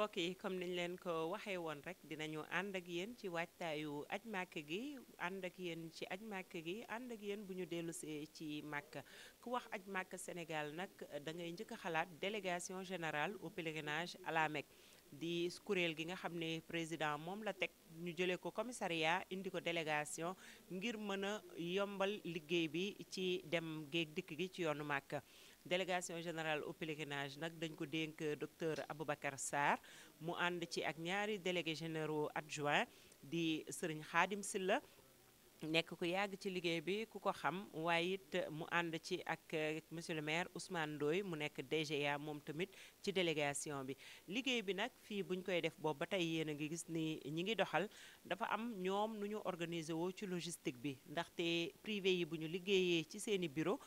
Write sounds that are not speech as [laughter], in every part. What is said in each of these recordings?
mbokk yi comme niñ leen ko waxee woon rek dinañu ànd ak yéen ci waajtaayu aj màkk gi ànd ak yéen ci aj màkk gi ànd ak yéen bu ñu dellusee ci màkk ku wax aj màkk Sénégal nag da ngay njëkk a xalaat délégation générale au pèlerinage à di kuréel gi nga xam ne président moom la teg ñu jëlee ko commissariat indi ko délégation ngir mën a yombal liggéey bi ci dem géeg dikk gi ci yoonu màkk délégation générale au pèlerinage nag dañ ko dénk docteur Aboubacar Sarr mu ànd ci ak ñaari délégués généraux adjoints di sëriñ Xaadim Silla nekk ku yàgg ci liggéey bi ku ko xam waaye it mu ànd ci ak euh, monsieur le maire Ousmane Ndoye mu nekk DGA moom tamit ci délégation bi liggéey bi nag fii buñ koy def boobu ba tey yéen a ngi gis ni ñi ngi doxal dafa am ñoom nu ñu organiser woo ci logistique bi ndaxte privé yi bu ñu liggéeyee ci seeni bureau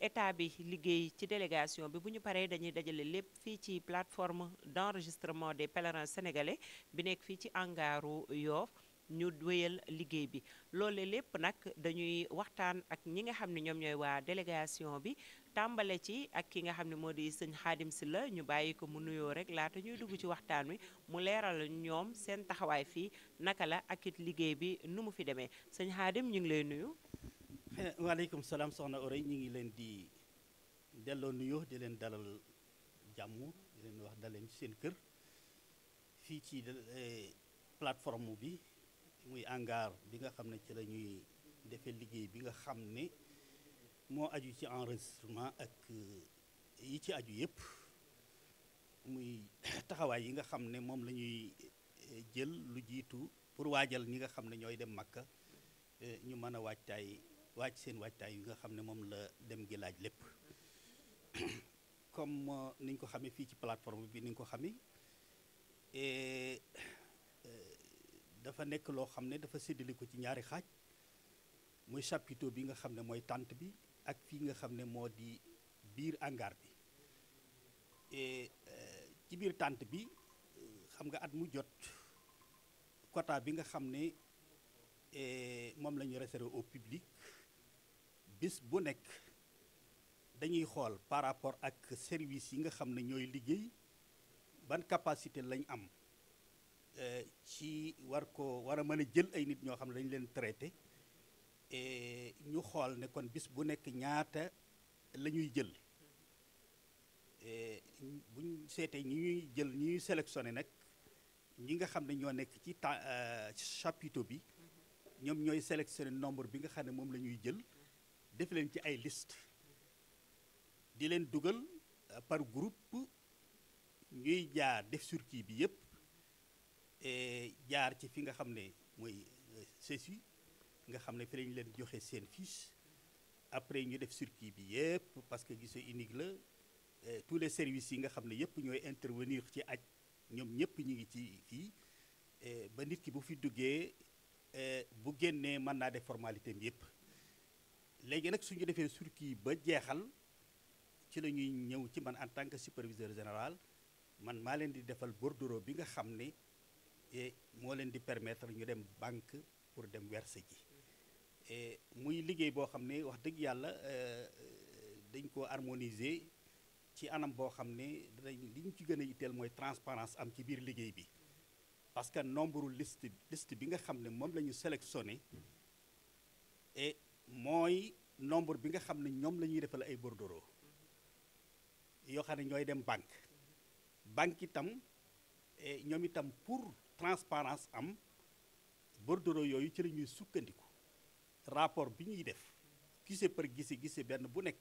état bi liggéey ci délégation bi bu ñu paree dañuy dajale lépp fii ci plateforme d'enregistrement des pèlerins sénégalais bi nekk fii ci angaaru Yoff ñu wéyal liggéey bi loole lépp nag dañuy waxtaan ak ñi nga xam ne ñoom ñooy waa délégation bi tàmbale ci ak ki nga xam ne moo di sëñ Xaadim la ñu bàyyi ko mu nuyoo rek laata ñuy dugg ci waxtaan wi mu leeral ñoom seen taxawaay fii naka la ak it liggéey bi nu mu fi demee sëñ Xaadim ñu ngi lay nuyu Eh, waaleykum salaam soxna Ourey ñu ngi leen di delloo nuyoo di leen dalal jàmm di leen wax dal ci seen kër fii ci eh, plateforme bi muy hangar bi nga xam ne ci la ñuy defee liggéey bi nga xam ne moo aju ci enregistrement ak eh, ci aju yépp muy [coughs] taxawaay yi nga xam ne moom la ñuy jël lu jiitu pour waajal ñi nga xam ne ñooy dem Makka ñu mën a waajtaay waaj seen waajtaay yi nga xam ne moom la dem gi lépp [coughs] comme euh, ni ko xamee fii ci plateforme bi ni ñu ko xamee et euh, dafa nekk loo xam ne dafa séddale ko ci ñaari xaaj muy chapiteau bi nga xam ne mooy tànt bi ak fii nga xam ne moo di biir hangar bi euh, ci biir tànt bi xam nga at mu jot quota bi nga xam ne moom la ñu réservé au public bis bu nekk dañuy xool par rapport ak service yi nga xam ne ñooy liggéey ban capacité lañ am euh, ci war ko war a mën a jël ay nit ñoo xam ne dañu leen traité et ñu xool ne kon bis bu nekk ñaata la ñuy jël bu ñu seetee ñi ñuy jël ñi ñuy sélectionné nag ñi nga xam ne ñoo nekk ci ta euh, chapiteau bi mm-hmm. ñoom ñooy sélectionné nombre bi nga xam ne moom la ñuy jël def leen ci ay liste di leen dugal euh, par groupe ñuy jaar def surki bi yëpp jaar ci fi nga xam ne mooy euh, CESU nga xam ne fi lañ leen joxe seen fiche après ñu def circuit bi yëpp parce que gisee unique la euh, tous les services yi nga xam ne yëpp ñooy intervenir ci aj ñoom ñëpp ñu ngi ci fii ba nit ki bu fi duggee bu génnee mën naa def formalité bi yëpp léegi nag suñu defee circuit ba jeexal ci la ñuy ñëw ci man en tant que superviseur général man maa leen di defal bordereau bi nga xam ne e, moo leen di permettre ñu dem banque pour dem werse ji e, muy liggéey boo xam ne wax dëgg yàlla e, dañ ko harmoniser ci anam boo xam ne dañ li ñu ci gën a yitteel mooy transparence am ci biir liggéey bi parce que nombre liste liste bi nga xam ne moom la ñu sélectionné mooy nombre bi nga xam ne ñoom la ñuy defal ay bordereau yoo xam ne ñooy dem banque banque itam eh, ñoom itam pour transparence am bordereau yooyu ci la ñuy sukkandiku rapport bi ñuy def gise par gise gise benn bu nekk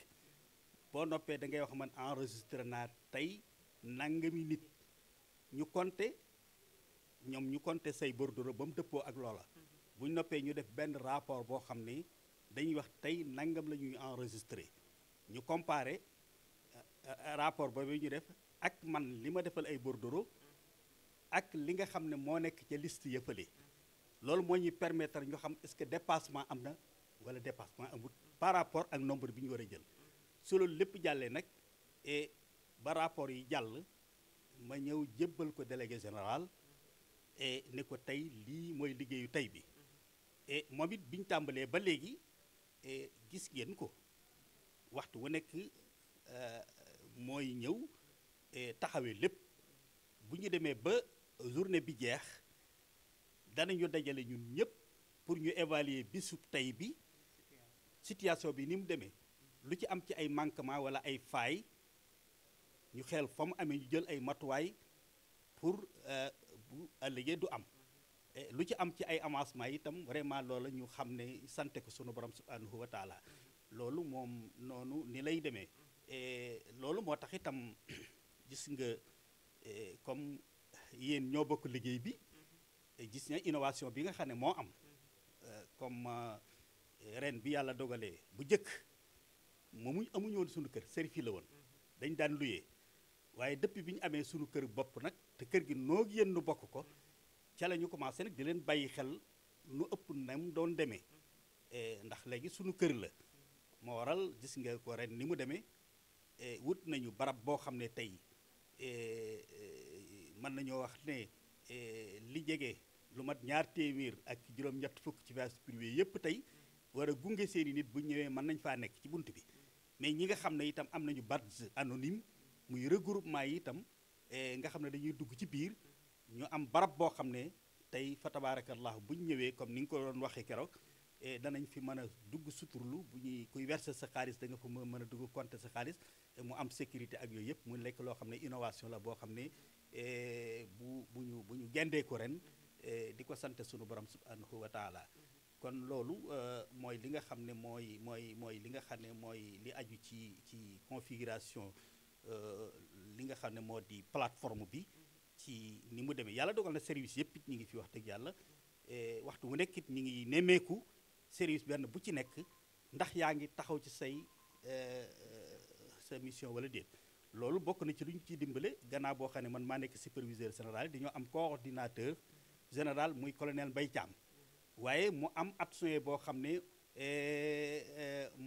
boo noppee da ngay wax man enregistré naa tey nangami nit ñu compter ñoom ñu compter say bordereau ba mu dëppoo ak loola mm-hmm. bu noppee ñu def benn rapport boo xam ne dañuy wax tey nangam la ñuy enregistré ñu comparé euh, euh, rapport ba bi ñu def ak man li ma defal ay bordereau ak li nga xam ne moo nekk ca liste yëppale loolu moo ñuy permettre ñu xam est-ce que dépassement am na wala dépassement amut par rapport ak nombre bi ñu war a jël su loolu lépp jàllee nag ba rapport yi jàll ma ñëw jébbal ko délégué général ne ko tey lii mooy liggéeyu tey bi et bi ñu tàmbalee ba léegi gis ngeen ko waxtu wu nekk euh, mooy ñëw taxawee lépp bu ñu demee ba journée bi jeex danañu dajale ñun ñëpp pour ñu évaluer bisub tey bi situation bi ni mu demee lu ci am ci ay manquement wala ay faay ñu xeel fa mu amee ñu jël ay matuwaay pour euh, bu ëllëgee du am Eh, lu ci am ci ay avancement itam vraiment loola ñu xam ne sante ko sunu borom subhanahu wa taalaa loolu moom noonu ni lay demee eh, loolu moo tax itam [clears throat] gis nga eh, comme yéen ñoo bokk liggéey bi gis nga innovation bi nga xam ne moo am comme ren bi yàlla dogalee bu njëkk moomuñ amuñ woon sunu kër serfi la woon dañ daan luyee waaye depuis bi ñu amee sunu kër bopp nag te kër gi noog yéen bokk ko ca la ñu commencé nag di leen bàyyi xel nu ëpp na doon demee eh, ndax léegi sunu kër la moo waral gis nga ko ren ni mu demee eh, wut nañu barab boo xam ne tey eh, mën nañoo wax ne li jege lu mat ñaar téeméer ak juróom-ñett fukk ci village privé yëpp tey war a gunge seeni nit bu ñëwee mën nañ faa nekk ci bunt bi mais ñi nga xam ne itam am nañu badge anonyme muy regroupement yi itam nga xam ne dañuy dugg ci biir ñu am barab boo xam ne tey fa tabaarakallahu bu ñu ñëwee comme ni nga ko doon waxee keroog eh, danañ fi mën a dugg suturlu bu ñuy kuy verser sa xaalis da nga fa mën a dugg compter sa xaalis eh, mu am sécurité ak yooyu yëpp mu lekk loo xam ne innovation la boo xam ne eh, bu bu ñu bu ñu ko ren di ko sant sunu borom subhanahu wa taala kon loolu mooy li nga xam ne mooy mooy mooy li nga xam ne mooy li aju ci ci configuration li nga xam ne moo di plateforme bi ci ni mu demee yàlla dogal na service yëpp it ñu ngi fi wax dëgg yàlla eh, waxtu wu nekk it ñu ngi nemmeeku service benn bu ci nekk ndax yaa ngi taxaw ci say eh, eh, sa mission wala déet. loolu bokk na ci lu ñu ciy dimbale gannaaw boo xam ne man maa nekk superviseur général dañoo am coordinateur général muy colonel Mbaye Thiam waaye mu am adjoint boo xam ne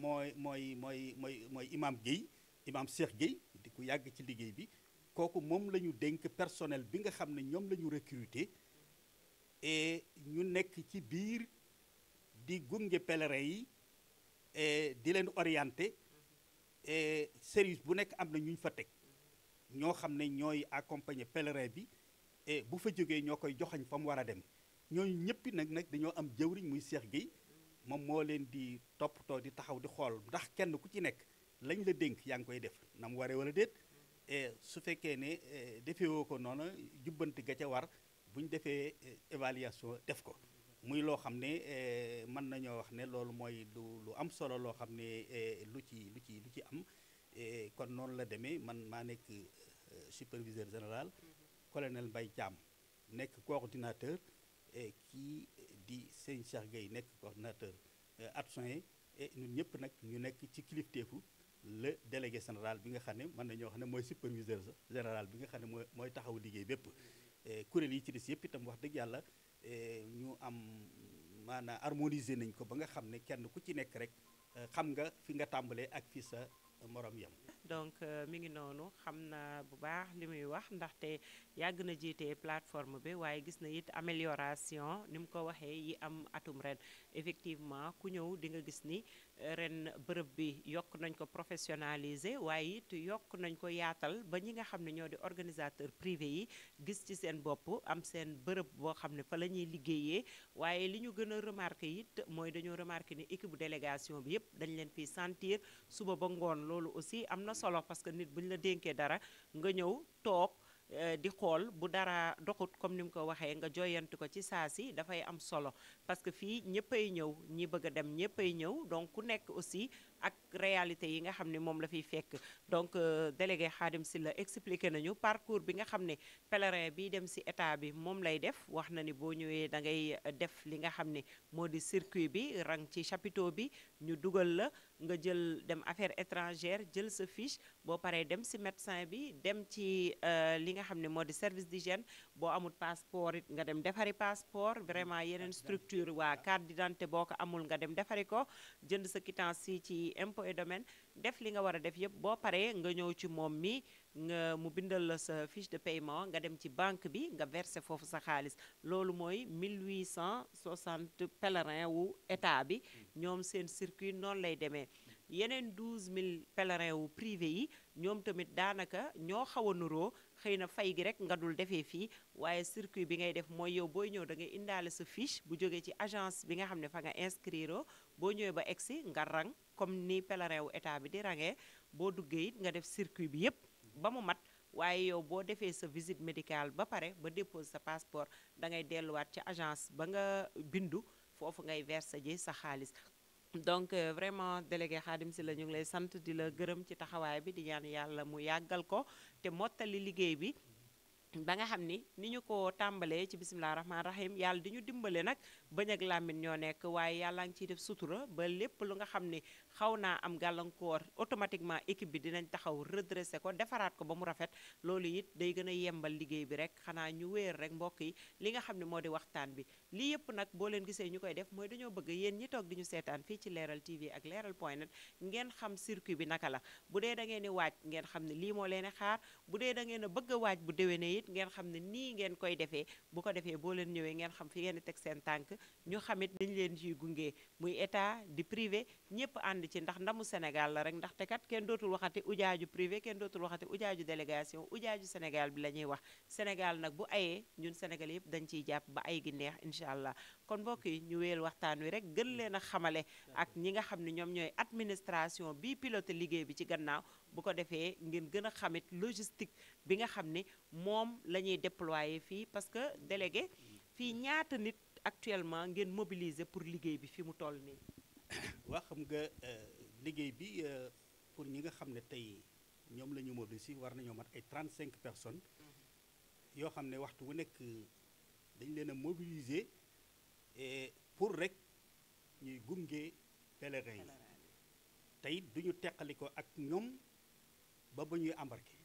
mooy mooy mooy mooy mooy imaam Guèye imam Cheikh Guèye di ku yàgg ci liggéey bi. kooku moom la ñu dénk personnel bi nga xam ne ñoom la ñu recruter et ñu nekk ci biir di gunge pèlerin yi et di leen orienter et service bu nekk am na ñu ñu fa teg ñoo xam ne ñooy accompagner pèlerin bi et bu fa jógee ñoo koy joxañ fa mu war a dem ñooñu ñëppi nag nag dañoo am jëwriñ muy Cheikh Gueye moom moo leen di toppatoo di taxaw di xool ndax kenn ku ci nekk lañ la dénk yaa ngi koy def na mu waree wala déet E su fekkee ne e, defewoo ko noonu jubbanti ga ca war bu defee e, évaluation def ko muy loo xam ne mën nañoo wax ne loolu mooy lu lu am solo loo xam ne lu ci lu ci lu ci am kon noonu la demee man maa nekk superviseur général mm-hmm. colonel Mbaye Thiam nekk coordinateur ki di sëñ Cheikh Gueye nekk coordinateur adjoint ñun ñëpp nag ñu nekk ci kilifteefu le délégué général bi nga xam ne mën nañoo xam ne mooy sax général bi nga xam ne mooy mooy taxaw liggéey bépp kuréel yi ci des yëpp itam wax dëgg yàlla ñu am maanaam harmoniser nañ ko ba nga xam ne kenn ku ci nekk rek euh, xam nga fi nga tàmbalee ak fi sa morom yam donc euh, mu ngi noonu xam na bu baax li muy wax ndaxte yàgg na jiite plateforme bi waaye gis na it amélioration ni mu ko waxee yi am atum ren effectivement ku ñëw di nga gis ni euh, ren bërëb bi yokk nañ ko professionnaliser waaye it yokk nañ ko yaatal ba ñi nga xam ne ñoo di organisateur privé yi gis ci seen bopp am seen bërëb boo xam ne fa la ñuy liggéeyee waaye li ñu gën a remarqué it mooy dañoo remarqué ni équipe bu délégation bi yëpp dañ leen fiy sentir suba solo parce que nit bu ñu la dénkee dara nga ñëw toog eh, di xool bu dara doxut comme ni mu ko waxee nga joyanti ko ci saa si dafay am solo parce que fii ñëppay ñëw ñi bëgg a dem ñëppay ñëw donc ku nekk aussi ak réalité yi nga xam ni moom la fiy fekk donc euh, délégué si la expliqué nañu parcours bi nga xam ne pèlerin bi dem si état bi moom lay def wax na ni boo ñëwee da ngay def li nga xam ni moo di circuit bi rang ci chapiteau bi ñu dugal la nga jël dem affaire étrangère jël sa fiche boo paree dem si médecin bi dem ci euh, li nga xam ne moo di service d'hygiène boo amul passeport nga dem defari passeport vraiment yeneen structure waa carte d'identité boo ko amul nga dem defari ko jënd sa quittance si ci impôt et def li nga war a def yëpp boo paree nga ñëw ci moom mi nga mu bindal la sa fiche de paiement nga dem ci banque bi nga verser foofu sa xaalis loolu mooy 1860 pèlerins wu état bi hmm. ñoom seen circuit noonu lay demee yeneen 12000 pèlerins wu privé yi ñoom tamit daanaka ñoo xaw a nuroo xëy na fay gi rek nga dul defee fii waaye circuit bi ngay def mooy yow booy ñëw da ngay indaale sa fiche bu jógee ci agence bi nga xam ne fa nga inscrire boo ñëwee ba egsi nga rang comme ni pèlerin wu état bi di rangee boo duggee it nga def circuit bi yëpp ba mu mat waaye yow boo defee sa visite médicale ba pare ba déposer sa passeport da ngay delluwaat ci agence ba nga bindu foofu ngay verser ji sa xaalis donc euh, vraiment délégué Khadim Sylla ñu ngi lay sant di la gërëm ci taxawaay bi di ñaan yàlla mu yàggal ko te mottali liggéey bi ba nga xam ni ni ñu ko tàmbalee ci bisimilah rahmaani rahim yàlla di ñu dimbale nag bëñ ak làmmiñ ñoo nekk waaye yàllaa ngi ciy def sutura ba lépp lu nga xam ni xaw naa am gàllankoor automatiquement équipe bi dinañ taxaw redressé ko defaraat ko ba mu rafet loolu it day gën a yembal liggéey bi rek xanaa ñu wéer rek mbokk yi li nga xam ne moo di waxtaan bi lii yëpp nag boo leen gisee ñu koy def mooy dañoo bëgg yéen ñi toog di ñu seetaan fii ci leeral tv ak leeral point net ngeen xam circuit bi naka la bu dee da ngeen di waaj ngeen xam ne lii moo leen a xaar bu dee da ngeen a bëgg a waaj bu it ngeen xam ne nii ngeen koy defee bu ko defee boo leen ñëwee xam fi ngeen teg seen tànk ñu xamit niñ leen ciy gunge muy état di privé ñëpp ànd ci ndax ndamu Sénégal la rek ndaxte kat kenn dootul waxati ujaaju privé kenn dootul waxati ujaaju délégation ujaaju Sénégal bi la ñuy wax Sénégal nag bu ayee ñun Sénégal yëpp dañ ciy jàpp ba ay gi neex incha allah kon mbokk yi ñu wéyal waxtaan wi rek gën leen a xamale ak ñi nga xam ne ñoom ñooy administration bi pilote liggéey bi ci gannaaw bu ko defee ngeen gën a xamit logistique bi nga xam ni moom la ñuy déployer fii parce que délégué fii ñaata nit actuellement ngeen mobiliser pour liggéey bi fi mu toll nii. [coughs] waa xam nga euh, liggéey bi euh, pour ñi nga xam ne tey ñoom lañu ñu mobiliser war nañoo mat ay cinq personnes mhm. yoo xam ne waxtu wu nekk dañ leen a mobiliser pour rek ñuy gunge pèlerins yi tey duñu ñu ak ñoom ba ba ñuy embarqué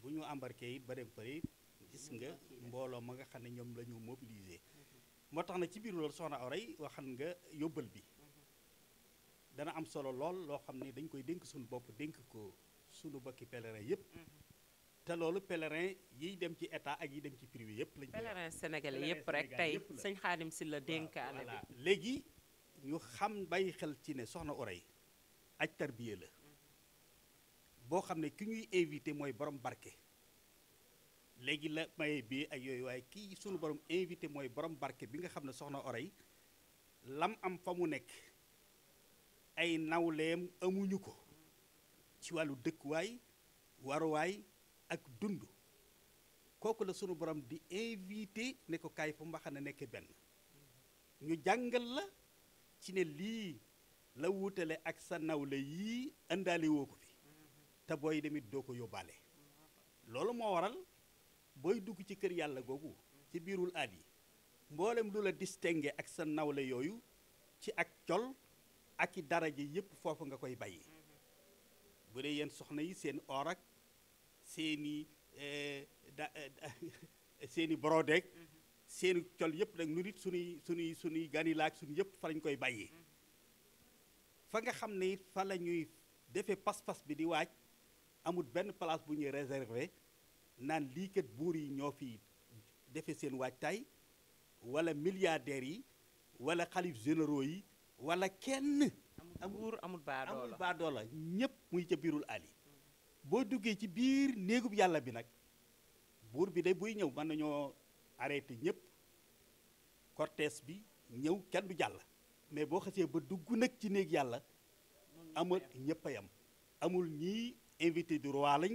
bu ñu embarqué yi ba dem pare gis nga mbooloo ma nga xam ne ñoom lañu ñu moo tax na ci biir loolu soxna Aray waxan nga yóbbal bi dana am solo lool loo xam ne dañ koy dénk suñu bopp dénk ko suñu bokki pèlerin yëpp te loolu pèlerin yiy dem ci état ak yi dem ci privé yëpp lañ pèlerin sénégalais yëpp rek tey sëñ Xaadim si la dénkaane bi léegi ñu xam bay xel ci ne soxna Aray ak tarbiya la mm-hmm. boo xam ne ki ñuy invité mooy borom barke léegi la maye bi ak yooyu waaye kii sunu borom invité mooy borom barke bi nga xam ne soxna Orey lam am fa mu nekk ay nawleem amuñu ko ci wàllu dëkkuwaay waruwaay ak dund kooku la sunu borom di invité ne ko kaay fa mbaxana nekk benn ñu jàngal la ci ne lii la wuutale ak sa nawle yii indaale ko fi te booy demit doo ko yóbbaale loolu moo waral booy dugg ci kër yàlla googu ci biirul aad yi mboolem lu la distingué ak sa nawle yooyu ci ak col ak i daraja yépp foofu nga koy bàyyi bu dee yéen soxna yi seen or ak seeni eh, da eh, [laughs] seeni brodeek seeni col yépp nag nu nit sunuy sunuy sunuy ganilaak suñu yépp fa lañ koy bàyyi fa nga xam ne it fa la ñuy defee pas-pas bi di waaj amul benn place bu ñuy réservé naan lii kat buur yi ñoo fi defe seen waajtaay wala milliardaires yi wala xalif généraux yi walla kenn. amul buur amul baadoola amul ñëpp muy ca biirul ali boo duggee ci biir néegub yàlla bi nag buur bi day buy ñëw mën nañoo arrêté ñëpp cortège bi ñëw kenn bu jàll. mais boo xasee ba dugg nag ci néeg yàlla am ñëpp a yam amul ñii invité du roi lañ.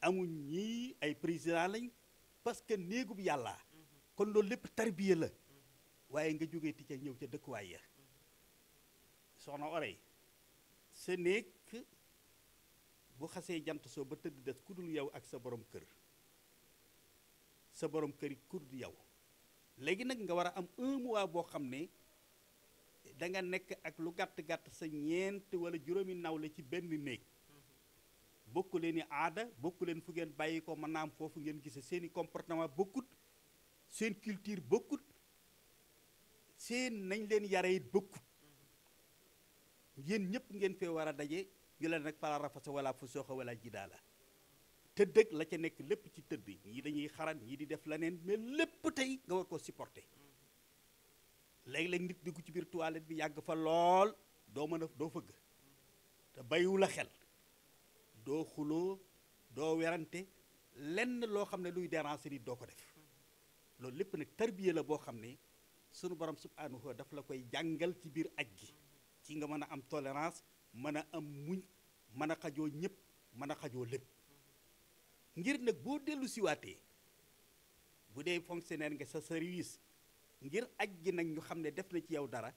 amuñ ñii ay président lañ parce que néegub yàlla kon loolu lépp tarbiya la waaye nga jóge ti ca ñëw ca dëkkuwaay ya na orey sa néeg bu xasee jant soo ba tëdd des ku dul yow ak sa boroom kër sa boroom kër yi ku dul yow léegi nag nga war a am un mois boo xam ne da nga nekk ak lu gàtt gàtt sa ñeent wala juróomi naw la ci benn néeg bokk leen i aada bokku leen fu ngeen bàyyi ko mën naa foofu ngeen gise seeni i comportement bokkut seen culture bokkut seen nañ leen yare it bokkut yéen ñëpp ngeen fee war a daje ñu la nag fala rafasa wala fu sooxa wala jidaa la tëddëg la ca nekk lépp ci tëdd ñii dañuy xaran ñii di def leneen mais lépp tey nga war ko supporter léeg-léeg nit dugg ci biir bi yàgg fa lool doo mën a doo fëgg te bayiwu la xel doo xuloo doo werante lenn loo xam ne luy déranger nit doo ko def loolu lépp nag tarbiya la boo xam ne sunu borom subhanahu daf la koy jàngal ci biir aj gi ci nga mën a am tolérance mën a am muñ mën a xajoo ñëpp mën a xajoo lépp ngir nag boo dellu siwaatee bu dee fonctionnaire nga sa service ngir aj gi nag ñu xam ne def na ci yow dara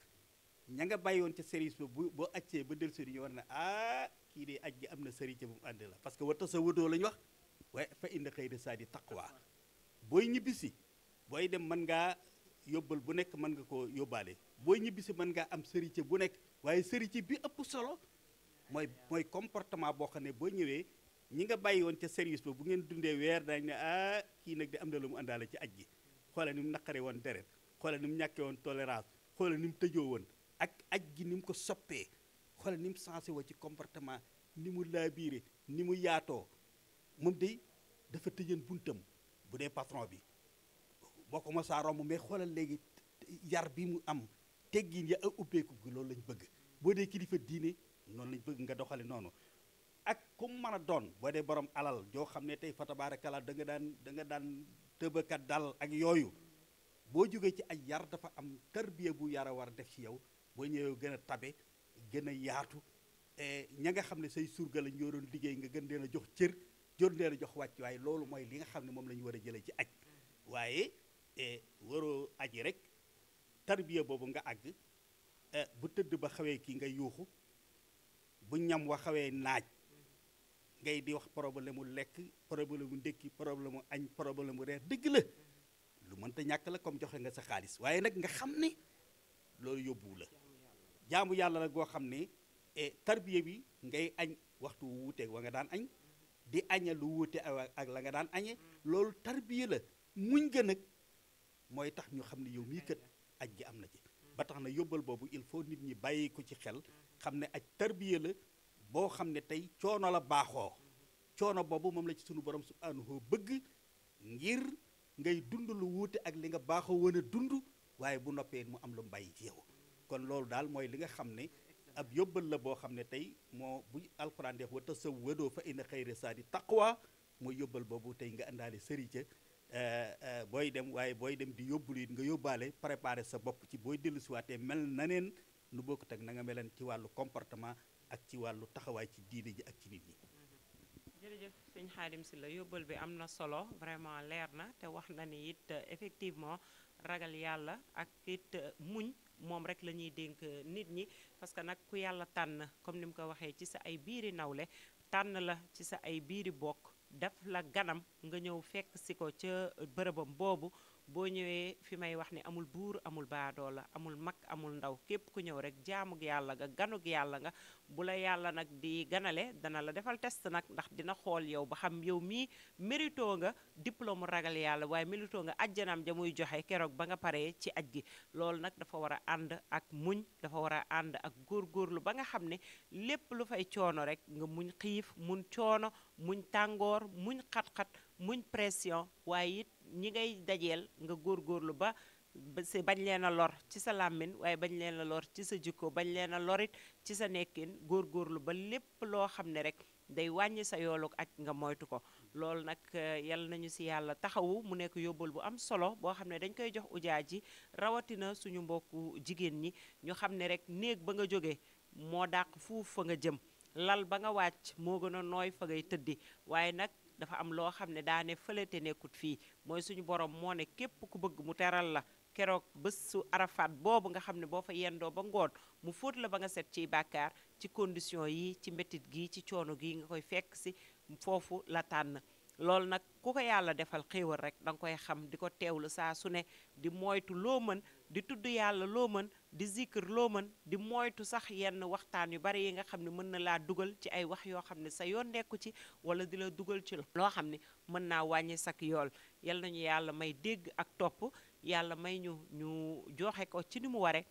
ña nga bàyyoon ca service ba bu boo accee ba dellu si ñu war ne ah kii dee aj gi am na sëriñ bu mu ànd la parce que wa tasawutoo lañ wax waaye fa inna xëy na saa di taqwa booy ñibbisi booy dem man ngaa yóbbal bu nekk mën nga ko yóbbaale booy ñibbisi man ngaa am sëriñ bu nekk waaye sëriñ bi ëpp solo mooy mooy comportement boo xam ne boo ñëwee ñi nga bàyyi woon ca service ba bu ngeen dundee weer daañu ne ah kii nag di am na lu mu àndaale ci aj gi xoolal ni mu naqare woon deret xoolal ni mu ñàkkee woon tolérance woon xoole ni mu sensé woo ci comportement ni mu laabiire ni mu yaatoo moom day dafa tëjan buntam bu dee patron bi boo ko mosaa romb mais xoolal léegi yar bi mu am teggin ya ak ubbeeku gi loolu lañ bëgg boo dee kilifa diine noonu lañ bëgg nga doxale noonu ak ku mu a doon boo dee borom alal joo xam ne tey fatabaarakala da nga daan da nga daan tëbakat dal ak yooyu boo jógee ci ay yar dafa am tarbiya bu yara war def ci yow boo ñëwee gën a tabe gën a yaatu e ña nga xam ne say surga lañ ñoo doon liggéey nga gën leen a jox cër jot leen a jox wàcc waaye loolu mooy li nga xam ne moom la ñu war a jëlee ci aj waaye e waroo aji rek tarbiya boobu nga àgg e bu tëdd ba xawee kii nga yuuxu bu ñam wa xawee naaj ngay di wax problème mu lekk problème mu ndékki problème mu añ problème mu reer dëgg la lu mënta ñàkk la comme joxe nga sa xaalis waaye nag nga xam ne loolu yóbbu la jaamu yàlla la goo xam ne tarbiya bi ngay añ waxtu wu wuuteeg wa nga daan añ di aña lu wuute ak la nga daan añee loolu tarbiya la muñ gën nag mooy tax ñu xam ne yow mii kat aj gi am na ci ba tax na yóbbal boobu il faut nit ñi bàyyi ko ci xel xam ne aj tarbiya la boo xam ne tey coono la baaxoo coono boobu moom la ci sunu borom subhanahu bëgg ngir ngay dund lu wuute ak li nga baaxoo woon dund waaye bu noppee mu am lu mu bàyyi ci yow kon loolu daal mooy li nga xam ne ab yóbbal la boo xam ne tey moo bu alxuraan def wa tazawwadoo fa inna xayra zaadi taqwa mooy yóbbal boobu tey nga àndaale sëriñ ca eh, eh, booy dem waaye booy dem di yóbbul it nga yóbbaale préparer sa bopp ci booy dellu siwaatee mel na neen nu bokkut ak na nga meleen ci wàllu comportement ak ci wàllu taxawaay ci diine ji ak ci nit ñi yóbbal bi am na solo vraiment leer na te wax na ni it effectivement ragal yàlla ak it moom rek la ñuy dénk euh, nit ñi parce que nag ku yàlla tànn comme ni mu ko waxee ci sa ay biir biiri nawle tànn la ci sa ay biir i bokk def la ganam nga ñëw fekk si ko ca euh, bërëbam boobu boo ñëwee fi may wax ni amul buur amul baadoo la amul mag amul ndaw képp ku ñëw rek jaamug yàlla nga ganug yàlla nga bu la yàlla nag di ganale dana la defal test nag ndax dina xool yow ba xam yow mii méritoo nga diplôme ragal yàlla waaye méritoo nga ajjanaam ja muy joxe keroog ba nga pare ci aj gi loolu nag dafa war a ànd ak muñ dafa war a ànd ak góor góorlu ba nga xam ne lépp lu fay coono rek nga muñ xiif mun coono muñ tàngoor muñ xat-xat muñ pression ñi ngay dajeel nga góorgóorlu ba bañ leen a lor ci sa làmmiñ waaye bañ leen a lor ci sa jikko bañ leen a lorit ci sa nekkin góor góorlu ba lépp loo xam ne rek day wàññi sa yoolu ak nga moytu ko loolu nag eh, yal nañu si yàlla taxawu mu nekk yóbbal bu am solo boo xam ne dañ koy jox ujaa ji rawatina suñu mbokku jigéen ñi ñu xam ne rek néeg ba nga jóge moo dàq fuuf fa nga jëm lal ba nga wàcc moo gën a nooy fa ngay tëddi waaye nag dafa am loo xam ne daane fële te nekkut fii mooy suñu borom moo ne képp ku bëgg mu teral la keroog bésu arafaat boobu nga xam ne boo fa yendoo ba ngoon mu fóot la ba nga set ciy bàkkaar ci condition yi ci métit gi ci coono gi nga koy fekk si foofu la tànn loolu nag ku ko yàlla defal xéewal rek da nga koy xam di ko teew teewlu saa su ne di moytu loo mën di tudd yàlla loo mën di zikr loo mën di moytu sax yenn waxtaan yu bari yi nga xam ne mën na laa dugal ci ay wax yoo xam ne sa yoon nekku ci wala di la dugal ci loo xam ne mën naa wàññi sak yool yal nañu yàlla may dégg ak topp yàlla may ñu ñu joxe ko ci ni mu ware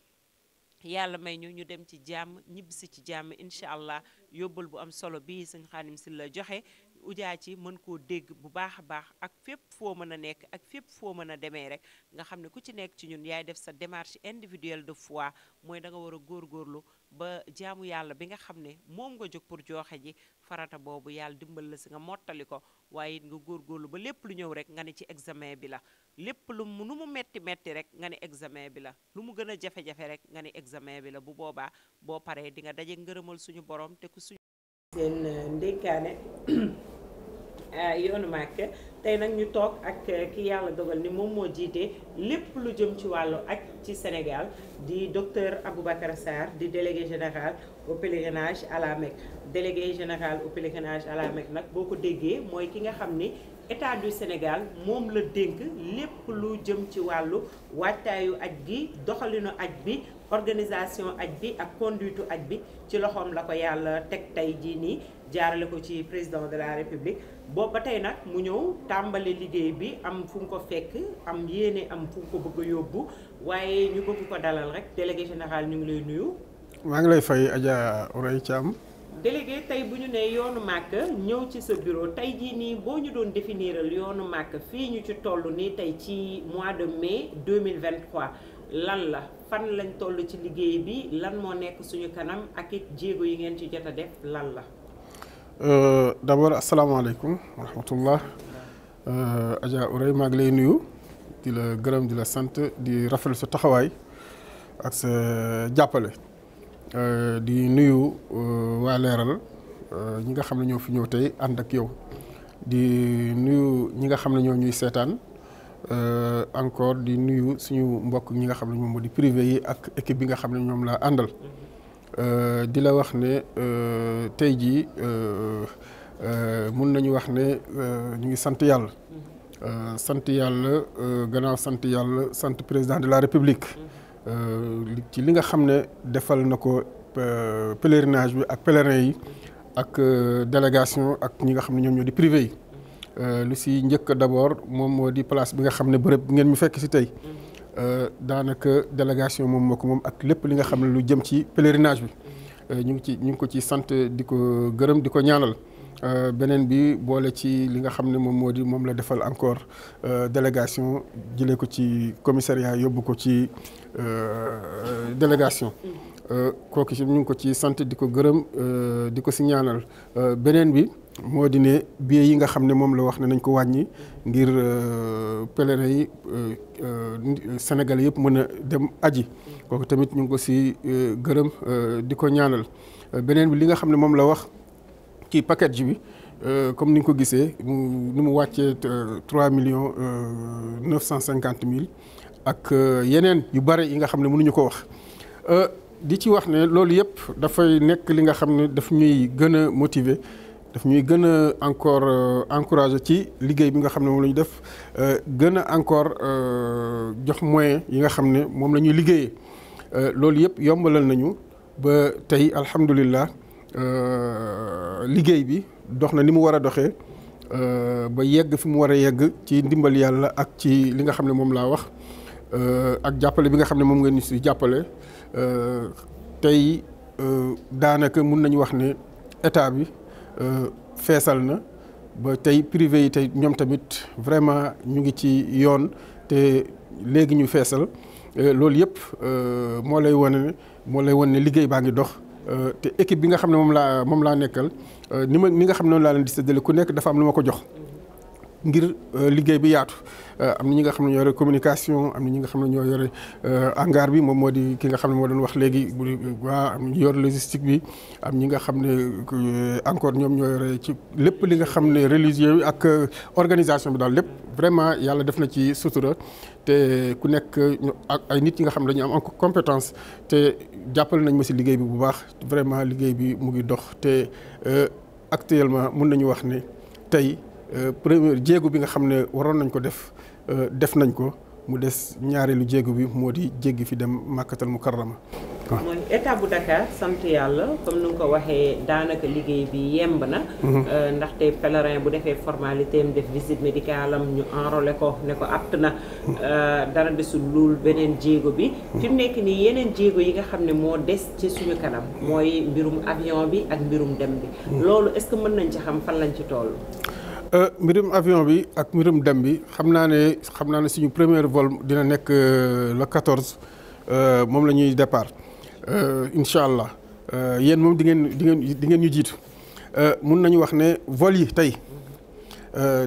yàlla may ñu ñu dem ci jàmm ñibbisi ci jàmm incha allah yóbbal bu am solo bi sëñ Xaadim si la joxe ci mën koo dégg bu baax a baax ak fépp foo mën a nekk ak fépp foo mën a demee rek nga xam ne ku ci nekk ci ñun yaay def sa démarche individuelle de foi mooy da nga war a góorgóorlu ba jaamu yàlla bi nga xam ne moom nga jóg pour jooxe ji farata boobu yàlla dimbal la si nga mottali ko waaye it nga góor góorlu ba lépp lu ñëw rek nga ne ci examen bi la lépp lu mu nu mu metti metti rek nga ne examen bi la lu mu gën a jafe-jafe rek nga ni examen bi la bu boobaa boo paree di nga daje ngërëmal suñu borom seen euh, ndénkaane Euh, yoonu Màkka tey nag ñu toog ak euh, ki yàlla dogal ni moom moo jiitee lépp lu jëm ci wàllu ak ci Sénégal di docteur Aboubacar Sarr di délégué général au pèlerinage à délégué général au pèlerinage à nag boo ko déggee mooy ki nga xam ni état du Sénégal moom la dénk lépp lu jëm ci wàllu waajtaayu aj gi doxalinu aj bi organisation aj bi ak conduite aj bi ci loxoom la ko yàlla teg tey jii nii jaarale ko ci président de la république boobu ba tey nag mu ñëw tàmbale liggéey bi am fu nga ko fekk am yéene am fu nga ko bëgg yóbbu waaye ñu bëgg ko dalal rek délégué général ñu ngi lay nuyu. maa ngi lay fay Adja Ourey Thiam. délégué tey bu ñu nee yoonu màkk ñëw ci sa bureau tey jii nii boo ñu doon définiral yoonu màkk fii ñu ci toll nii tey ci mois de mai 2023 lan la fan lañ toll ci liggéey bi lan moo nekk suñu kanam ak it jéego yi ngeen ci jot a def lan la. Euh, d' abord asalaamaaleykum wa rahmatullah euh, Adja Houreye maa ngi lay nuyu di la gërëm di la sant di rafetlu sa taxawaay ak sa jàppale euh, di nuyu waa leeral ñi nga xam ne ñoo fi ñëw tey ànd ak yow di nuyu ñi nga xam ne ñoo ñuy seetaan encore di nuyu suñu mbokk ñi nga xam ne ñoom moo di privé yi ak équipe bi nga xam ne ñoom laa àndal. Euh, di la wax ne euh, tey jii euh, mun nañu wax ne ñu ngi sant yàlla sant yàlla gannaaw sant yàlla sant président de la république ci li nga xam ne defal na ko pèlerinage bi ak pèlerins yi ak délégation ak ñi nga xam ne ñoom ñoo di privé yi lu si njëkk d'abord moom moo di place bi nga xam ne bërëb ngeen mi fekk si tey Euh, daanaka délégation moom moo ko moom ak lépp li nga xam ne lu jëm ci pèlerinage bi euh, ñu ngi ci ñu ngi ko ci sant di ko gërëm di ko ñaanal euh, beneen bi boole ci li nga xam ne moom moo di moom la defal encore délégation jëlee ko ci commissariat yóbbu ko ci délégation kooku ci ñu ngi ko ci sant di ko gërëm di ko si ñaanal beneen bi moo di ne billet yi nga xam ne moom la wax ne nañ ko wàññi ngir euh, pèlerin yi euh, euh, Sénégal yëpp mën a dem aji kooku tamit ñu ngi ko si gërëm di ko ñaanal beneen bi li nga xam ne moom la wax ci paquet ji bi comme ni nga ko gisee mu ni mu wàccee trois millions neuf cent cinquante mille ak yeneen yu bare yi nga xam ne mënuñu ko wax di ci wax ne loolu yëpp dafay nekk li nga xam ne daf ñuy gën a motiver daf ñuy gën a encore euh, encouragé ci liggéey bi nga xam ne moom la ñu def euh, gën a encore euh, jox moyen yi nga xam ne moom la ñuy liggéeyee loolu yëpp yombalal nañu ba tey alhamdulilah liggéey bi dox na ni mu war a doxee ba yegg fi mu war a yegg ci ndimbal yàlla ak ci li nga xam ne moom laa wax ak jàppale bi nga xam ne moom nga ni si jàppale tey daanaka mun nañu wax ne état bi. Euh, feesal na ba tey privé yi tey ñoom tamit vraiment ñu ngi ci yoon te léegi ñu feesal euh, loolu yëpp euh, moo lay wane ne moo lay wane ne liggéey baa ngi dox te équipe bi nga xam ne moom laa moom laa nekkal ni ma ni nga xam ne noonu laa leen di séddale ku nekk dafa am lu ma ko jox ngir euh, liggéey bi yaatu euh, am na ñi nga xam ne ñoo yore communication am na ñi nga xam ne ñoo yore euh, hangar bi moom moo di ki nga xam ne moo doon wax léegi bu waa am ñu yore logistique bi am ñi nga xam ne encore ñoom ñoo yore ci lépp li nga xam ne religieux bi ak organisation bi daal lépp vraiment yàlla def na ci sutura te ku nekk ak ay nit yi nga xam ne dañu am compétence te jàppale nañ ma si liggéey bi bu baax vraiment liggéey bi mu ngi dox te actuellement mun nañu wax ne tey Euh, première jéego bi nga xam ne waroon nañ ko def euh, def nañ ko mu des ñaareelu jéego bi moo di jéggi fi dem màkkatal mu karrama waaw mooy état bu Dakar sant yàlla comme ni nga ko waxee daanaka liggéey bi yemb na. Mhm. Euh, ndaxte pèlerin bu defee formalité am def visite médicale am ñu enrôlé ko ne ko apte na. dara desul luul beneen jéego bi. Mhm. fi mu nekk nii yeneen jéego yi nga xam ne moo des ci suñu kanam. mooy mbirum avion bi ak mbirum dem bi. Mhm. loolu est-ce que mën nañ ci xam fan lañ ci toll. Euh, mbirum avion bi ak mbirum dem bi xam naa ne xam naa ne suñu premier vol dina nekk euh, le 14 euh, moom la ñuy départ incha allah yéen moom di ngeen di ngeen di ngeen ñu jiitu mun nañu wax ne vol yi tey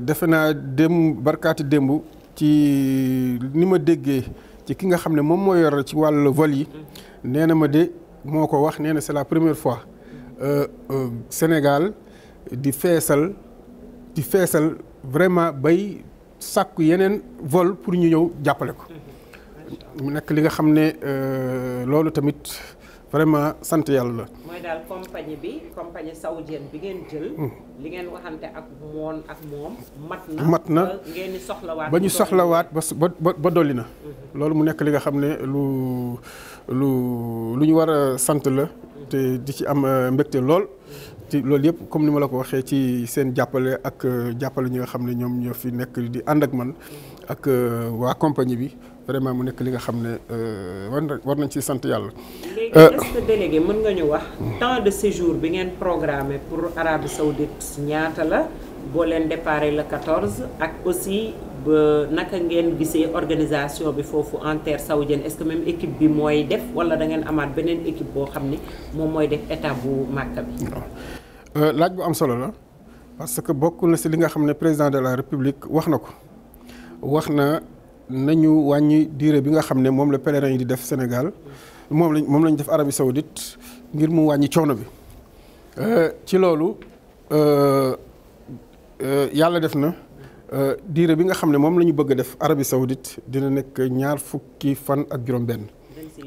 defe naa démb barkaati démb ci ni ma déggee ci ki nga xam ne moom moo yor ci wàll vol yi nee na ma de moo ko wax nee na c'est la première fois Sénégal di feesal. di feesal vraiment bay sàkku yeneen vol pour ñu ñëw jàppale ko mu nekk li nga xam ne euh, loolu tamit vraiment sant yàlla la. mooy daal compagnie bi compagnie saoudienne bi ngeen jël. Hmm. li ngeen waxante ak moom. mat na mat na ngeen soxlawaat ba ñu ba ba dolli na. Hmm. loolu mu nekk li nga xam ne lu lu lu ñu war a sant la. Hmm. te di ci am euh, mbégte lool. ci loolu yëpp comme ni ma la ko waxee ci seen jàppale ak euh, jàppale ñi nga xam ne ñoom ñoo fi nekk di ànd ak man ak euh, waa compagnie bi vraiment mu nekk li nga xam ne euh, war nañ ci sant yàlla. léegi mën nga ñu wax. temps de séjour bi ngeen programme pour Arabie Saoudite ñaata la boo leen déparé le ak aussi ba naka ngeen gisee organisation bi foofu en terre saoudienne est-ce que même équipe bi mooy def wala dangeen ngeen amaat beneen équipe boo xam ni moom mooy def état bu Makka bi. Euh, laaj bu am solo la parce que bokk na si li nga xam ne président de la république wax na ko wax na nañu wàññi diire bi nga xam ne moom la pèlerin yi di def Sénégal moom lañ moom lañ def Arabie Saoudite ngir mu wàññi coono bi euh, ci loolu euh, yàlla def na diire bi nga xam ne moom la ñu bëgg a def Arabie Saoudite dina nekk ñaar fukki fan ak juróom benn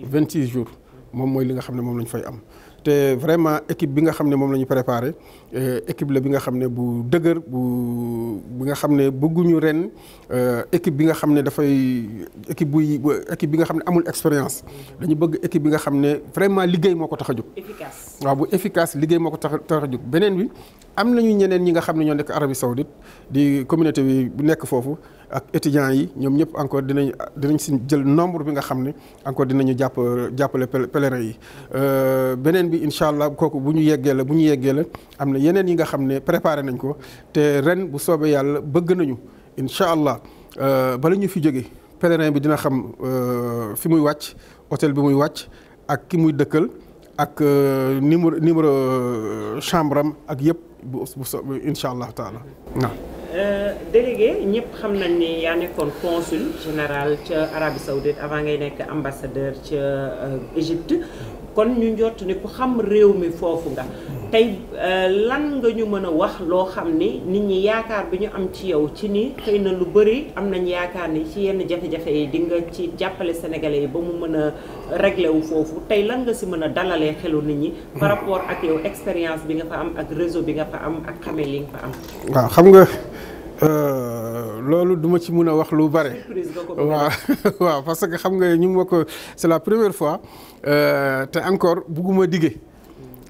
vingt-six jours moom mooy li nga xam ne moom lañu fay am te vraiment équipe bi nga xam ne moom la ñu préparé Euh, équipe la bi nga xam ne bu dëgër bu bi nga xam ne bëgguñu ren euh, équipe bi nga xam ne dafay équipe buy équipe bi nga xam ne amul expérience dañu bëgg équipe bi nga xam ne vraiment liggéey moo ko tax a jóg. efficace waaw bu efficace liggéey moo ko tax a jóg beneen bi am nañu ñeneen ñi nga xam ne ñoo nekk Arabie Saoudite di communauté bi bu nekk foofu ak étudiants yi ñoom ñëpp encore dinañ dinañ si jël nombre bi nga xam ne encore dinañu jàpp jàppale pèlerins yi euh, beneen bi incha allah kooku bu ñu yeggee la bu ñu yeggee la am na yeneen yi nga xam ne préparer nañ ko te ren bu soobee yàlla bëgg nañu incha allah euh, bala ñu fi jóge pèlerin bi dina xam euh, fi muy wàcc hôtel bi muy wàcc ak ki muy dëkkal ak euh, numéro numéro chambre am ak yëpp bu so incha allah taala délégué ñëpp xam nañ ni yaa nekkoon consul général ca Arabie Saoudite avant ngay nekk ambassadeur ca Égypte. kon ñu njott ni ku xam réew mi foofu nga tey euh, lan nga ñu mën a wax loo xam ni nit ñi yaakaar bi ñu am ci yow ci ni xëy na lu bëri am nañ yaakaar ni ci yenn jafe-jafe yi di nga ci jàppale sénégalais yi ba mu mën a réglé wu foofu tey lan nga si mën a dalalee xelu nit ñi par rapport ak yow expérience bi nga fa am ak réseau bi nga fa am ak xamee li nga fa am waaw xam nga Euh, loolu duma ci mën a wax lu bare [laughs] waaw parce que xam nga ñu ma ko c'est la première fois euh, te encore bugguma dige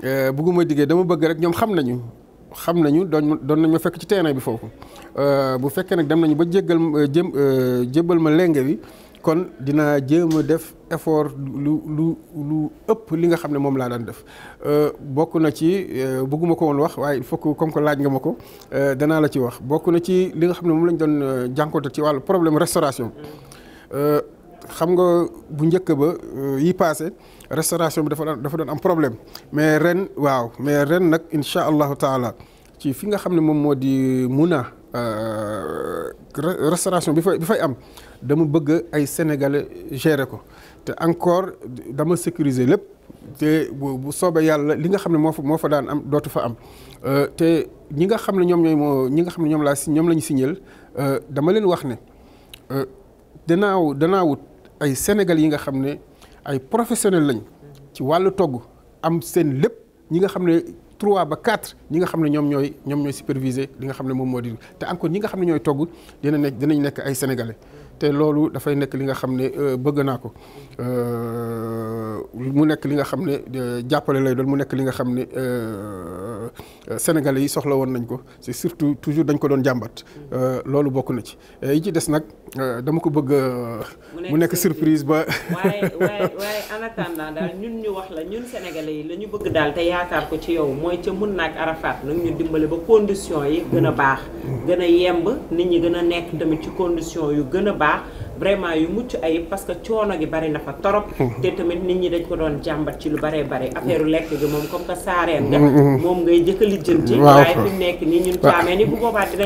euh, bugguma dige dama bëgg rek ñoom xam nañu xam nañu doon doon nañ ma fekk ci terrain bi foofu bu fekkee nag dem nañu ba jéggal jëm jébbal ma lenge bi kon dinaa jéem a def effort lu lu lu ëpp li nga xam ne moom laa daan def euh, bokk na ci euh, bëgguma ko woon wax waaye il faut que comme que laaj nga ma ko euh, danaa la ci wax bokk na ci li nga xam ne moom lañ doon jànkoonte ci wàllu problème restauration xam nga bu njëkk ba yi passé restauration bi dafa dafa doon am problème mais ren waaw mais ren nag incha allahu taala ci fi nga xam ne moom moo di Muna restauration bi fay bi fay am dama bëgg ay sénégalais gérer ko te encore dama sécuriser lépp te bu soobee yàlla li nga xam ne moo fa moo fa daan am dootu fa am euh, te ñi nga xam ne ñoom ñooy moo ñi nga xam ne ñoom laa si ñoom la ñu signal euh, dama leen wax ne danaa euh, danaa ay sénégalais yi nga xam ne ay professionnels lañ ci wàllu togg am seen lépp ñi nga xam ne trois ba quatre ñi nga xam ne ñoom ñooy ñoom ñooy superviser li nga xam ne moom moo di te encore ñi nga xam ne ñooy togg dina nekk dinañ nekk ay sénégalais. te loolu dafay nekk li nga xam ne euh, bëgg naa ko euh, mu nekk li nga xam ne euh, jàppale lay doon mu nekk li nga xam ne Euh, sénégalais yi soxla woon nañ ko c'est surtout toujours dañ ko doon jàmbat euh, loolu bokk na ci euh, yi ci des nag dama ko bëgg mu nekk surprise ba. [laughs] waaye waaye en attendant daal ñun ñu wax la ñun sénégalais yi la bëgg daal te yaakaar ko ci yow mooy ca mun naag Arafat nag ñu dimbale ba conditions yi gën a baax. gën a yemb nit ñi gën a nekk tamit ci conditions yu gën a baax. vraiment yu mucc ayib parce que coono gi bari na fa torop mm-hmm. te tamit nit ñi dañ ko doon jàmbat ci lu baree bare affaire lekk gi moom comme que saareen nga mm-hmm. moom ngay jëkk li jëm ci waaye fi mu nekk nii ñun caamee ni bu boobaa [laughs]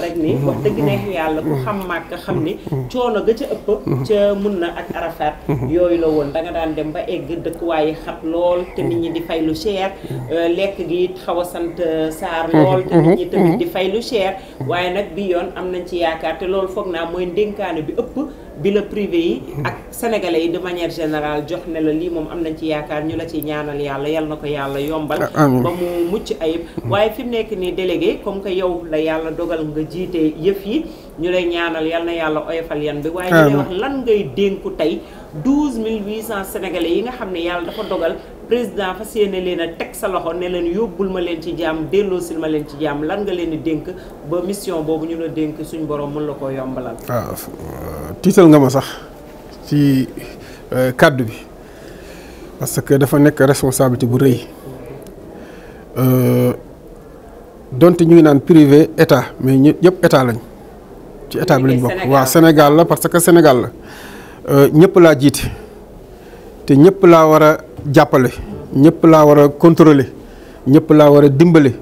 rek ni wax dëgg nekk mm-hmm. yàlla ku xam màkk xam ni coono ga ca ëpp ca mun na ak arafat yooyu la woon da nga daan dem ba egg dëkkuwaay yi xat lool te nit ñi di fay lu cher euh, lekk gi it sant euh, saar lool te nit ñi tamit di fay lu cher waaye nag bi yoon am nañ ci yaakaar te loolu foog na maanaam mooy ndénkaane bi ëpp bi la privé yi ak sénégalais yi de manière générale jox ne la lii moom am nañ ci yaakaar ñu la ci ñaanal yàlla yàlla na ko yàlla yombal ah, ba mu mucc ayib waaye fi mu nekk nii délégué comme que yow la yàlla dogal nga jiite yëf yi ñu lay ñaanal yal na yàlla oyofal yan bi waaye ñu lay wax lan ngay dénku tey douze mille huit cent sénégalais yi nga xam ne yàlla dafa dogal président fas yéene leen a teg sa loxo ne leen yóbbul ma leen ci jàmm delloosil ma leen ci jàmm lan nga leen di dénk ba mission boobu ñu la dénk suñ borom mun la ko yombalal. waaw ah, euh, tiital nga ma sax ci euh, kàddu bi parce que dafa nekk responsabilité bu rëy euh, donte ñu ngi naan privé état mais ñëpp état lañ. ci état bi lañ bokk waa Sénégal la parce que Sénégal la ñëpp laa jiite te ñëpp laa war jàppale ñëpp laa war a contrôler ñëpp laa war a dimbale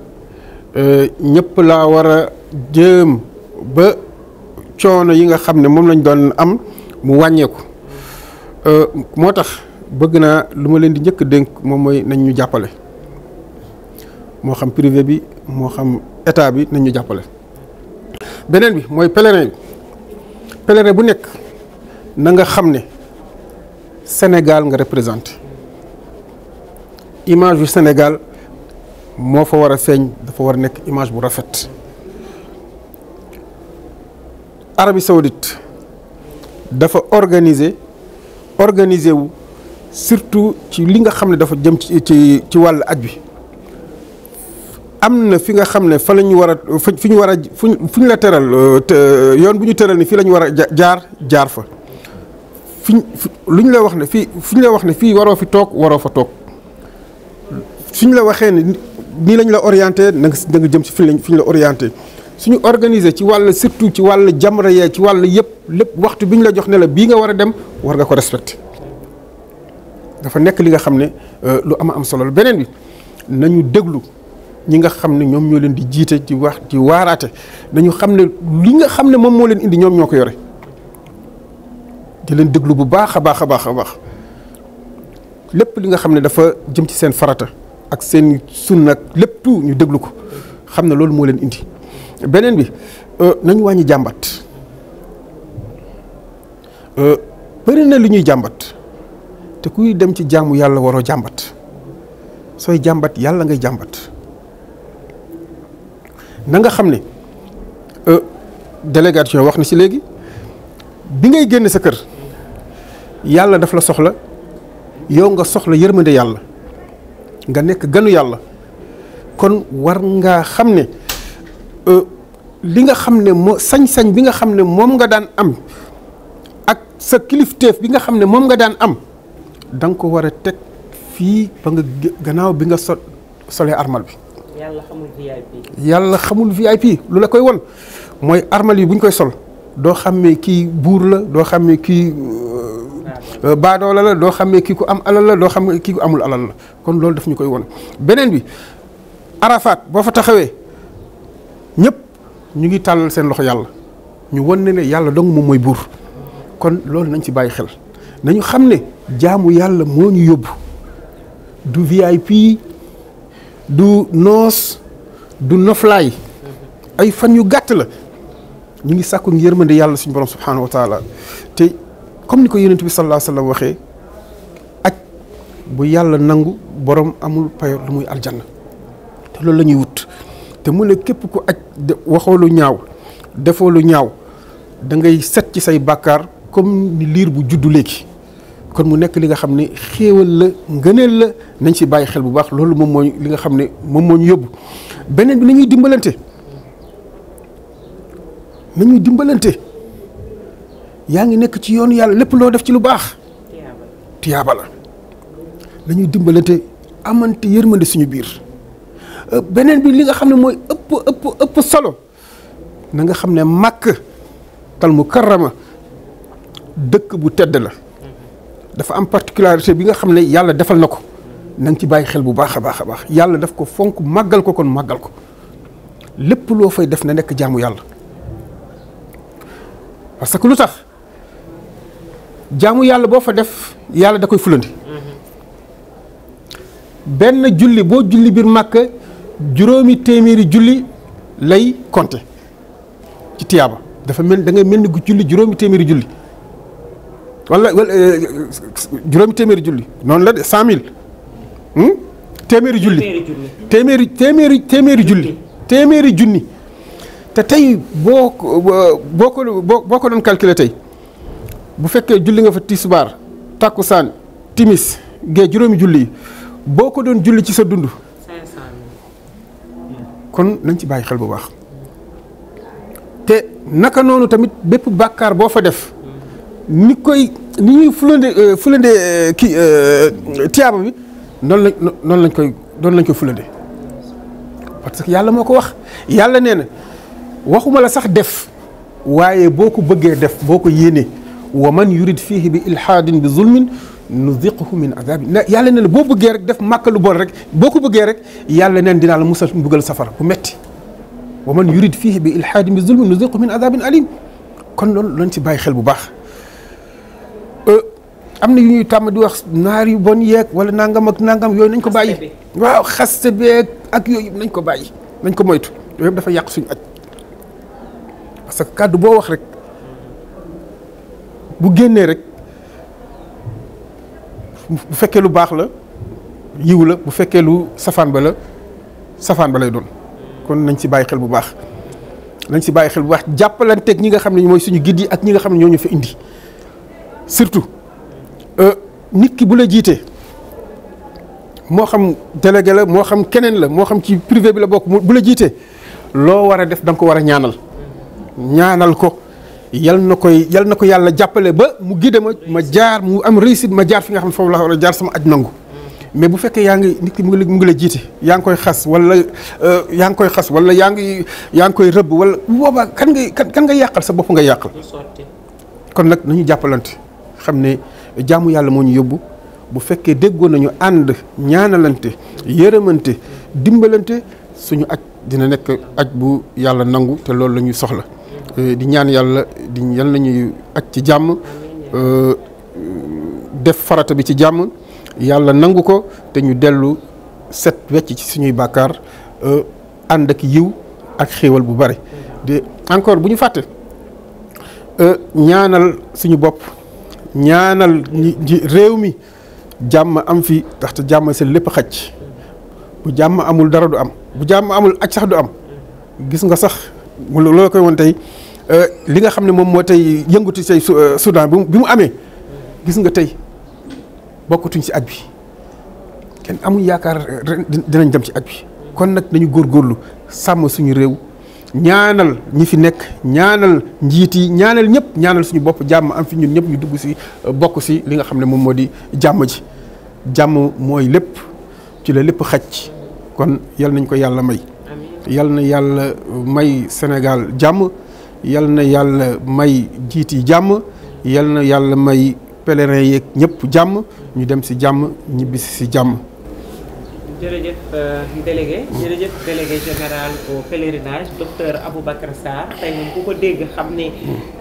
euh, ñëpp laa war a jéem ba coono yi nga xam ne moom lañ doon am mu wàññeeku euh, moo tax bëgg naa lu ma leen di njëkk dénk moom mooy nañ ñu jàppale moo xam privé bi moo xam état bi nañu jàppale beneen bi mooy pèlerin bi pèlerin bu nekk na nga xam ne Sénégal nga représenté image bu Sénégal moo fa war a feeñ dafa war a nekk image bu rafet Arabie Saoudite dafa organiser organiser wu surtout ci li nga xam ne dafa jëm ci ci ci wàllu aj bi am na fi nga xam ne fa la ñu war a fi ñu war a fu ñu la tëral euh, yoon bu ñu tëral ni fii la ñu war a jaar jaar fa fi lu ñu la wax ne fii fu ñu la wax ne fii waroo fi toog waroo fa toog suñ la waxee ne nii lañ la orienté na nga jëm si fi lañ fi ñu la orienté suñu organiser ci wàll surtout ci wàll jamra yee ci wàll yëpp lépp waxtu bi ñu la jox ne la nga war a dem war nga ko respecté dafa nekk li nga xam ne euh, lu am am solo beneen bi nañu déglu ñi nga xam ne ñoom ñoo leen di jiite di wax di waaraate nañu xam li nga xam ne moom moo leen indi ñoom ko yore di leen déglu bu baax a baax a baax a baax lépp li nga xam ne dafa jëm ci seen farata. ak seen sun ak lépp tout ñu déglu ko xam ne loolu moo leen indi beneen bi euh, nañu wàññi jàmbat euh, bëri na li ñuy jàmbat te kuy dem ci jaamu yàlla waroo jàmbat sooy jàmbat yàlla ngay jàmbat nanga xam ne euh, délégation wax na ci léegi bi ngay génne sa kër yàlla daf la soxla yow nga soxla yërmande yàlla nga nekk ganu yàlla kon war ngaa xam ne euh, li nga xam ne moo sañ-sañ bi nga xam ne moom nga daan am ak sa kilifteef bi nga xam ne moom nga daan am da ko war a teg fii ba nga gannaaw bi nga so solee armal bi. yàlla yàlla xamul VIP lu la koy won mooy armal yi bu ñu koy sol doo xam ne kii buur la doo xam ne kii. Euh, baadoola la doo xam ne kii ku am alal la doo xam ne kii ku amul alal la kon loolu daf ñu koy won beneen bi Arafat boo fa taxawee ñëpp ñu ngi tàllal seen loxo yàlla ñu won ne ne yàlla dong moom mooy buur kon loolu nañ ci bàyyi xel nañu xam ne jaamu yàlla moo ñu yóbbu du VIP du noos du noflaay ay fan yu gàtt la ñu ngi sàkku yërmande yàlla suñu borom subhanahu wa taala comme ni ko yonent bi sallallahu alayhi wasallam waxee ak bu yàlla nangu boroom amul payoor lu muy aljana te loolu la ñuy wut te mu ne képp ku aj waxoo ñaaw defoo ñaaw da ngay set ci say bàkkaar comme ni liir bu juddu léegi kon mu nekk li nga xam ne xéewal la ngëneel la nañ ci bàyyi xel bu baax loolu moom mooy li nga xam ne moom moo ñu yóbbu beneen bi nañuy dimbalante nañuy dimbalante yaa ngi nekk ci yoonu yàlla lépp loo def ci lu baax tiyaaba la dañuy dimbalante amante yërmande suñu biir euh, beneen bi li nga xam ne mooy ëpp ëpp ëpp solo na nga xam ne màkk tal mu karrama dëkk bu tedd la dafa am particularité bi nga xam ne yàlla defal na ko na ci bàyyi xel bu baax a baax a baax yàlla daf ko fonk màggal ko kon màggal ko lépp loo fay def na nekk jaamu yàlla parce que lu tax jaamu yàlla boo fa def yàlla da koy fulandi benn julli boo julli biir màkk juróomi téeméeri julli lay compter ci tiyaaba dafa mel da ngay mel ni julli juróomi téeméeri julli wala wala euh, juróomi téeméeri julli la de cent mille hmm? téeméeri julli téeméeri téeméeri julli téeméeri junni te tey boo boo ko doon calculer tey bu fekkee julli nga fa tisbaar takkusaan timis gee juróomi julli yi boo ko doon julli ci sa dund. kon nañ ci bàyyi xel bu baax. te naka noonu tamit bépp bàkkaar boo fa def. ni koy ni ñuy fulande euh, fulande euh, kii euh, tiyaaba bi noonu lañ lañ koy noonu lañ koy fulande parce que yàlla moo ko wax yàlla nee na waxuma la sax def waaye boo ko bëggee def boo ko yéenee wa man yurid fihi bi ilhaadin bi zulmin nuziquhu min azabi na yàlla ne la boo bëggee rek def màkka lu bon rek boo ko bëggee rek yàlla neen dinaa la musal mbugal safara bu metti wa man yurid fihi bi ilhaadin bi zulmin nuziquhu min azabin alim kon loolu lañ ci bàyyi xel bu baax euh, am na yu ñuy tàmm di wax naar yu bon yeeg wala nangam ak nangam yooyu nañ ko bàyyi waaw xaste beeg ak yooyu nañ ko bàyyi nañ ko moytu yooyu dafa yàq suñu aj parce que kàddu boo wax rek bu génnee rek bu fekkee lu baax la yiw la bu fekkee lu safaan ba la safaan ba lay doon kon nañ si bàyyi xel bu baax nañ si bàyyi xel bu baax jàppalanteeg ñi nga xam ne mooy suñu guide yi ak ñi nga xam ne ñoo ñu fa indi surtout euh, nit ki bu la jiitee moo xam délégué la moo xam keneen la moo xam ci privé bi la bokk bu la jiitee loo war a def danga ko war a ñaanal ñaanal ko. yal na koy yal na ko yàlla jàppale ba mu gide ma ma jaar mu am réussite ma jaar fi nga xam ne foofu la war a jaar sama aj nangu mais bu fekkee yaa ngi nit ki mu ngi mu ngi la jiite yaa ngi koy xas wala euh, yaa ngi koy xas wala yaa ngi yaa ngi koy rëbb wala bu boobaa kan ngay kan nga yàqal sa bopp nga yàqal kon nag nañu jàppalante xam ne jaamu yàlla moo ñu yóbbu bu fekkee déggoon nañu ànd ñaanalante yërëmante dimbalante suñu aj dina nekk aj bu yàlla nangu te loolu la ñuy soxla Euh, di ñaan yàlla di yal nañuy aj ci jàmm euh, def farata bi ci jàmm yàlla nangu ko te ñu dellu set wecc ci suñuy bàkkaar euh, ànd ak yiw ak xéewal bu bare encore bu ñu fàtte ñaanal suñu bopp ñaanal ñi réew mi jàmm am fi ndaxte jàmm seen lépp xaj bu jàmm amul dara du am bu jàmm amul aj sax du am gis nga sax looloo koy woon tey euh, li nga xam ne moom moo tey yëngatu say euh, Soudan bi mu amee gis nga tey bokkutuñ si at bi kenn amuñ yaakaar euh, dinañ dem ci at bi kon nag nañu góorlu sàmm suñu réew ñaanal ñi fi nekk ñaanal njiit yi ñaanal ñëpp ñaanal suñu bopp jàmm am fi ñun ñëpp ñu dugg si bokk si li nga xam ne moom moo di jàmm ji jàmm mooy lépp ci la lépp xaj kon yal nañ ko yàlla may yal na yàlla may Sénégal jàmm yal na yàlla may jiit yi jàmm yal na yàlla may pèlerins yeeg ñëpp jàmm ñu dem si jàmm ñibbisi si jàmm. jërëjëf euh, délégué jërëjëf délégué général au pèlerinage docteur Aboubacar Sarr tey moom ku ko dégg xam ni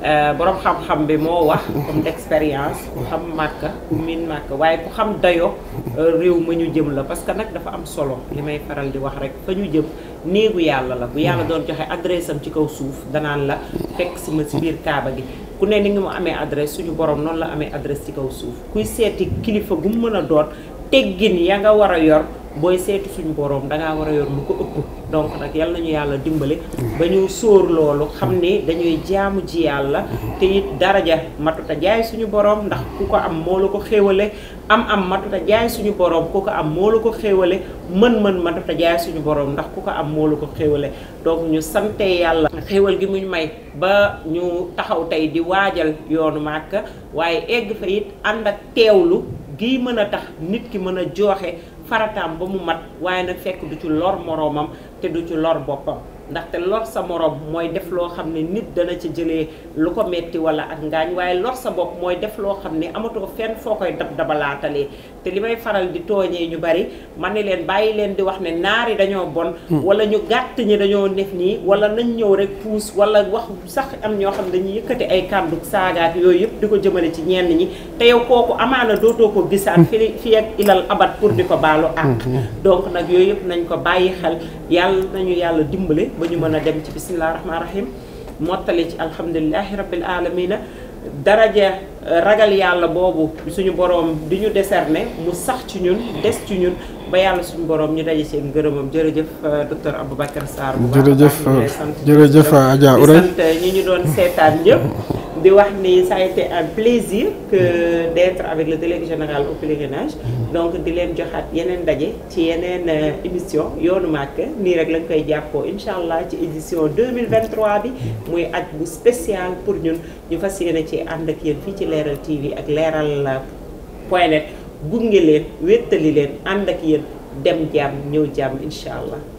euh, borom xam-xam bi moo wax comme d'expérience ku xam màkk ku miin màkk waaye ku xam dayo euh, réew ma ñu jëm la parce que nag dafa am solo li may faral di wax rek fa ñu jëm néegu yàlla la bu yàlla doon joxe adresse am ci kaw suuf danaan la fekk si ma biir kaaba gi ku ne ni nga mu amee adresse suñu borom noonu la amee adresse ci kaw suuf kuy seeti kilifa gu mu mën a doon teggin ya nga war a yor booy seetu suñu borom dangaa war a yor lu ko ëpp donc nag yal ñu yàlla dimbali ba ñu sóor loolu xam ne dañuy jaamu ji yàlla te it ja matuta jaay suñu borom ndax ku ko am moo la ko xéewale am am matuta jaay suñu borom ku ko am ko xéewale mën-mën matuta jaay suñu borom ndax ku ko am moo la ko xéewale donc ñu sante yàlla xéewal gi muñ may ba ñu taxaw tey di waajal yoonu màkk waaye egg fa it ànd ak teewlu gii mën a tax nit ki mën a jooxe farataam ba mu mat waaye nag fekk du ci lor moroomam te du ci lor boppam ndaxte lor sa morom mooy def loo xam ne nit dana ci jëlee lu ko metti wala ak ngaañ waaye lor sa bopp mooy def loo xam ne amatoo fen foo koy dab dabalaatalee te li may faral di tooñee ñu bari ma ni leen bàyyi leen di wax ne naari dañoo bon hmm. wala ñu gàtt ñi dañoo def nii wala nañ ñëw rek puus wala wax sax am ñoo xam ne dañuy yëkkati ay kàddu saagaat yooyu yëpp di ko jëmale ci ñenn ñi te yow kooku amaana dootoo ko gisaat hmm. fi fi ak ilal abat pour di ko baalu àq hmm, donc nag yooyu yëpp nañ ko bàyyi xel yàlla na ñu yàlla dimbale ba ñu mën a dem ci bisimilah rahmaani rahim mottali ci alhamdulilahi rabbil alamina daraja eh, ragal yàlla boobu suñu boroom di ñu décerné mu sax ci ñun des ci ñun ba yàlla suñu boroom ñu daje seen ngërëmam jërëjëf eh, docteur Aboubacar Sarr bu baax jërëjëf eh, jërëjëf Adja Ourey sant ñi ñu doon seetaan ñëpp di wax ni ça a été un plaisir que mm-hmm. d'être avec le délégué général au pèlerinage mm-hmm. donc di leen joxaat yeneen ndaje ci yeneen euh, émission yoonu màkk nii rek lañ koy jàppoo incha allah ci édition 2023 bi mm-hmm. muy at bu spécial pour ñun ñu fas yéene ci ànd ak yéen fii ci leeral TV ak leeral euh, point net gunge leen wettali leen ànd ak yéen dem jàmm ñëw jàmm incha allah